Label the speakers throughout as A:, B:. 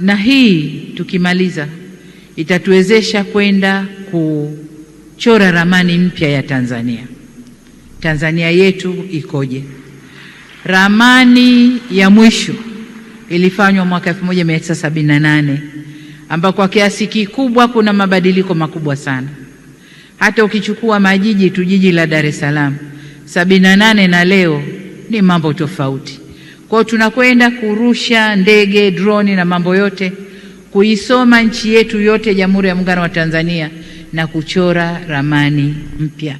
A: na hii tukimaliza itatuwezesha kwenda kuchora ramani mpya ya Tanzania. Tanzania yetu ikoje? Ramani ya mwisho ilifanywa mwaka 1978 ambapo kwa kiasi kikubwa kuna mabadiliko makubwa sana. Hata ukichukua majiji tu, jiji la Dar es Salaam 78 na leo ni mambo tofauti. Kwa tunakwenda kurusha ndege, droni na mambo yote kuisoma nchi yetu yote, Jamhuri ya Muungano wa Tanzania na kuchora ramani mpya.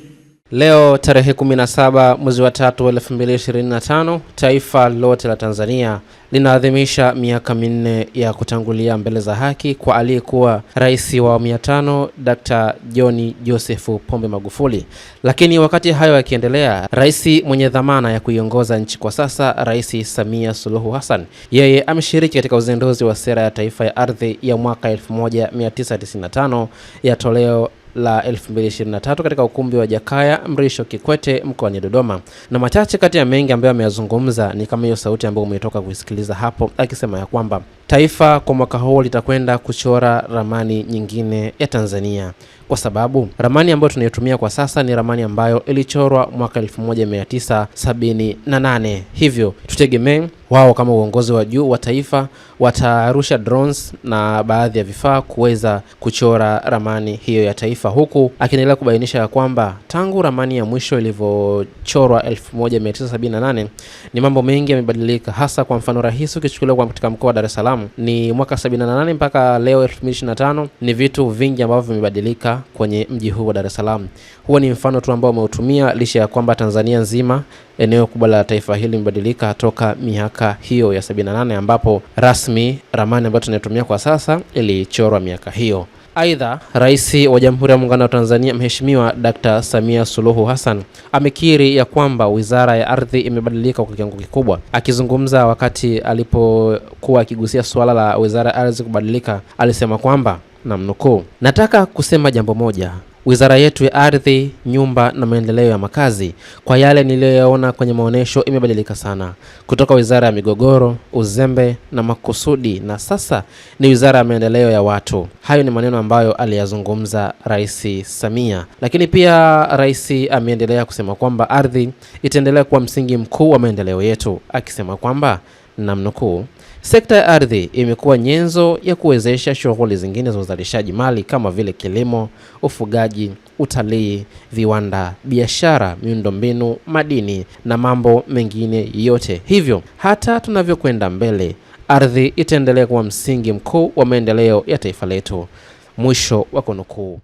B: Leo tarehe 17 mwezi wa tatu 2025, taifa lote la Tanzania linaadhimisha miaka minne ya kutangulia mbele za haki kwa aliyekuwa rais wa awamu ya tano Dr. John Joseph Pombe Magufuli. Lakini wakati hayo yakiendelea, rais mwenye dhamana ya kuiongoza nchi kwa sasa, Rais Samia Suluhu Hassan, yeye ameshiriki katika uzinduzi wa sera ya taifa ya ardhi ya mwaka 1995 ya toleo la 2023 katika ukumbi wa Jakaya Mrisho Kikwete mkoani Dodoma, na machache kati ya mengi ambayo ameyazungumza ni kama hiyo sauti ambayo umetoka kuisikiliza hapo akisema ya kwamba Taifa kwa mwaka huu litakwenda kuchora ramani nyingine ya Tanzania kwa sababu ramani ambayo tunayotumia kwa sasa ni ramani ambayo ilichorwa mwaka 1978. Hivyo tutegemee wao kama uongozi wa juu wa taifa watarusha drones na baadhi ya vifaa kuweza kuchora ramani hiyo ya taifa, huku akiendelea kubainisha ya kwamba tangu ramani ya mwisho ilivyochorwa 1978 ni mambo mengi yamebadilika, hasa kwa mfano rahisi ukichukuliwa katika mkoa wa Dar es Salaam Uislamu ni mwaka 78 mpaka leo 2025, ni vitu vingi ambavyo vimebadilika kwenye mji huu wa Dar es Salaam. Huo ni mfano tu ambao umeutumia, licha ya kwamba Tanzania nzima, eneo kubwa la taifa hili limebadilika toka miaka hiyo ya 78, ambapo rasmi ramani ambayo tunayotumia kwa sasa ilichorwa miaka hiyo. Aidha, Rais wa Jamhuri ya Muungano wa Tanzania Mheshimiwa Dkt. Samia Suluhu Hassan amekiri ya kwamba Wizara ya Ardhi imebadilika kwa kiwango kikubwa. Akizungumza wakati alipokuwa akigusia suala la Wizara ya Ardhi kubadilika, alisema kwamba namnukuu, nataka kusema jambo moja Wizara yetu ya Ardhi, Nyumba na Maendeleo ya Makazi, kwa yale niliyoyaona kwenye maonyesho, imebadilika sana kutoka wizara ya migogoro, uzembe na makusudi, na sasa ni wizara ya maendeleo ya watu. Hayo ni maneno ambayo aliyazungumza Rais Samia, lakini pia rais ameendelea kusema kwamba ardhi itaendelea kuwa msingi mkuu wa maendeleo yetu, akisema kwamba namnukuu Sekta ya ardhi imekuwa nyenzo ya kuwezesha shughuli zingine za uzalishaji mali kama vile kilimo, ufugaji, utalii, viwanda, biashara, miundombinu, madini na mambo mengine yote. Hivyo hata tunavyokwenda mbele, ardhi itaendelea kuwa msingi mkuu wa maendeleo ya taifa letu. Mwisho wa kunukuu.